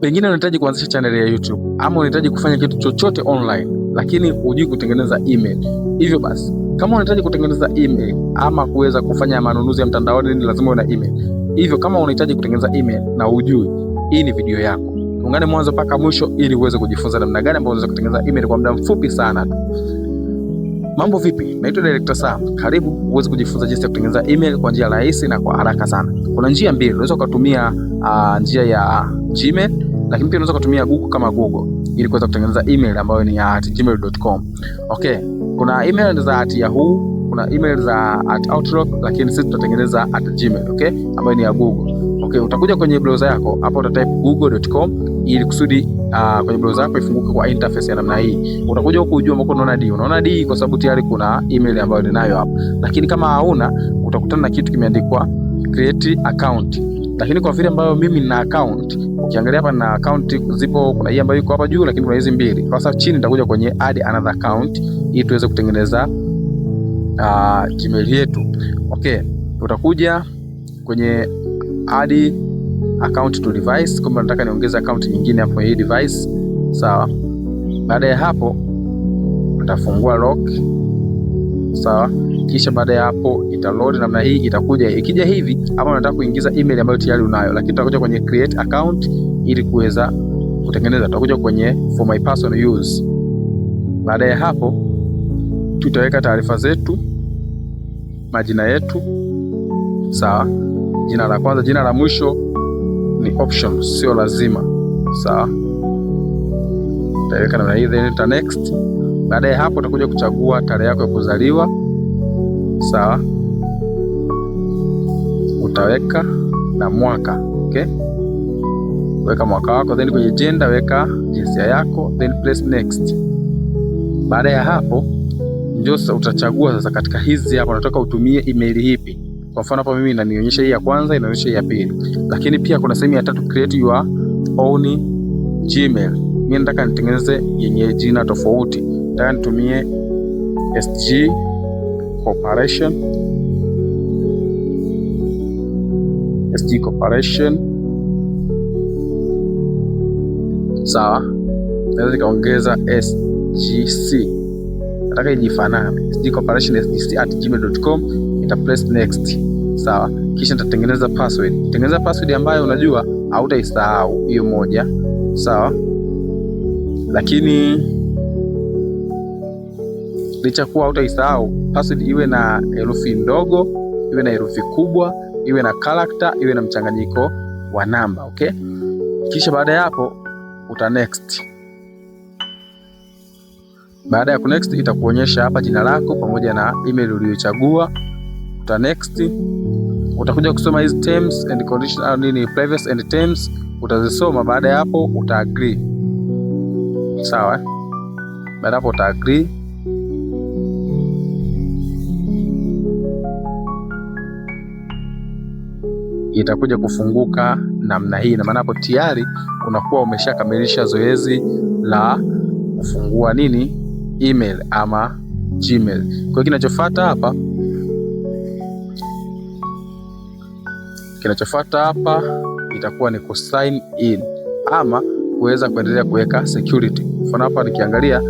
Pengine unahitaji kuanzisha channel ya YouTube ama unahitaji kufanya kitu chochote online, lakini hujui kutengeneza email. Hivyo basi, kama unahitaji kutengeneza email ama kuweza kufanya manunuzi ya mtandaoni, ni lazima una email. Hivyo kama unahitaji kutengeneza email na hujui, hii ni video yako. Ungane mwanzo mpaka mwisho ili uweze kujifunza namna gani ambayo unaweza kutengeneza email kwa muda mfupi sana tu. Mambo vipi? Naitwa Director Sam. Karibu uweze kujifunza jinsi ya kutengeneza email kwa njia rahisi na kwa haraka sana. Kuna njia mbili, unaweza ukatumia uh, njia ya Gmail, lakini pia unaweza ukatumia Google kama Google ili kuweza kutengeneza email ambayo ni at gmail.com. Okay, kuna email za at Yahoo, kuna email za at Outlook, lakini sisi tutatengeneza at Gmail, okay, ambayo ni ya Google. Okay, utakuja kwenye browser yako hapo, utatype google.com ili kusudi uh, kwenye browser yako ifunguke kwa interface ya namna hii. Utakuja huku ujue ambako unaona D, unaona D kwa sababu tayari kuna email ambayo ninayo hapa, lakini kama hauna utakutana na kitu kimeandikwa create account, lakini kwa vile ambayo mimi nina account, ukiangalia hapa na account zipo, kuna hii ambayo iko hapa juu, lakini kuna hizi mbili. Sasa chini nitakuja kwenye add another account ili tuweze kutengeneza uh, Gmail yetu. Okay, utakuja kwenye add account to device, kama nataka niongeze account nyingine hapo hii device, sawa. Baada ya hapo utafungua lock sawa. Kisha baada ya hapo ita load namna hii, itakuja ikija hivi, ama unataka kuingiza email ambayo tayari unayo, lakini utakuja kwenye create account ili kuweza kutengeneza. Tutakuja kwenye for my personal use. Baada ya hapo tutaweka taarifa zetu, majina yetu, sawa. Jina la kwanza, jina la mwisho ni option, sio lazima, sawa. Tutaweka namna hii then next baada ya hapo utakuja kuchagua tarehe yako ya kuzaliwa, sawa, utaweka na mwaka okay. Weka mwaka wako, then kwenye gender weka jinsia yako, then press next. Baada ya hapo ndio utachagua sasa, katika hizi hapa unataka utumie email hipi. Kwa mfano hapa mimi inanionyesha hii ya kwanza, inaonyesha hii ya pili, lakini pia kuna sehemu ya tatu, create your own Gmail. Mimi nataka nitengeneze yenye jina tofauti then tumie SG Corporation, SG Corporation sawa. Naweza nikaongeza SGC, nataka ijifanane SG Corporation SGC at gmail.com, ita press next sawa, kisha nitatengeneza password. Tengeneza password ambayo unajua hautaisahau hiyo moja, sawa lakini licha kuwa hautaisahau, password iwe na herufi ndogo, iwe na herufi kubwa, iwe na character, iwe na mchanganyiko wa namba okay? Kisha baada ya hapo uta next. Baada ya kunext itakuonyesha hapa jina lako pamoja na email uliyochagua, uta next. Utakuja kusoma hizi terms and conditions au nini, privacy and terms utazisoma. Baada ya hapo uta agree, sawa? Eh? Baada hapo uta agree itakuja kufunguka namna hii, na maana hapo tayari unakuwa umeshakamilisha zoezi la kufungua nini, email ama Gmail. Kwa kinachofuata hapa kinachofuata hapa itakuwa ni ku in ama kuweza kuendelea kuweka security. Mfano hapa nikiangalia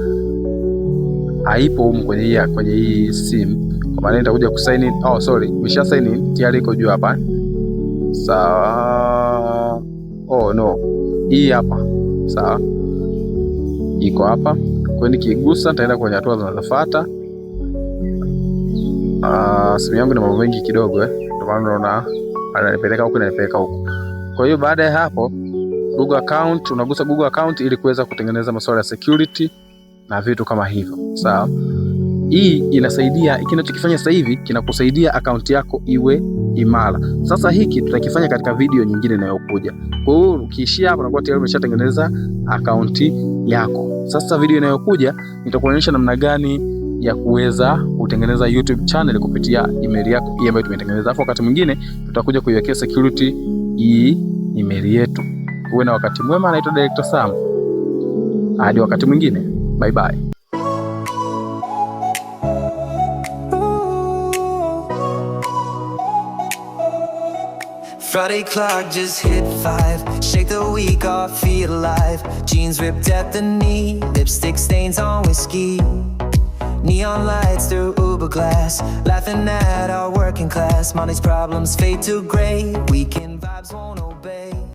haipo humu kwenye hii kwenye hii simu, kwa maana nitakuja ku in. Oh sorry, nimesha sign in tayari, iko juu hapa sawa. Oh no, hii hapa sawa, iko hapa kwa, nikigusa nitaenda kwenye hatua zinazofuata. Ah, simu yangu na mambo mengi kidogo eh, ndio maana unaona ananipeleka huku ananipeleka huku. Kwa hiyo baada ya hapo Google account, unagusa Google account ili kuweza kutengeneza masuala ya security na vitu kama hivyo sawa. Hii inasaidia, kinachokifanya sasa hivi kinakusaidia akaunti yako iwe imara. Sasa hiki tutakifanya katika video nyingine inayokuja. Kwa hiyo ukiishia hapa unakuwa tayari umeshatengeneza akaunti yako. Sasa video inayokuja nitakuonyesha namna gani ya kuweza kutengeneza YouTube channel kupitia email yako hii ambayo tumetengeneza. Hapo wakati mwingine tutakuja kuiwekea security hii email yetu. Uwe na wakati mwema. Naitwa Director Sam. Hadi wakati mwingine. Bye bye. Friday clock just hit five. Shake the week off, feel alive. Jeans ripped at the knee, lipstick stains on whiskey. Neon lights through Uber glass, laughing at our working class. Money's problems fade to gray. Weekend vibes won't.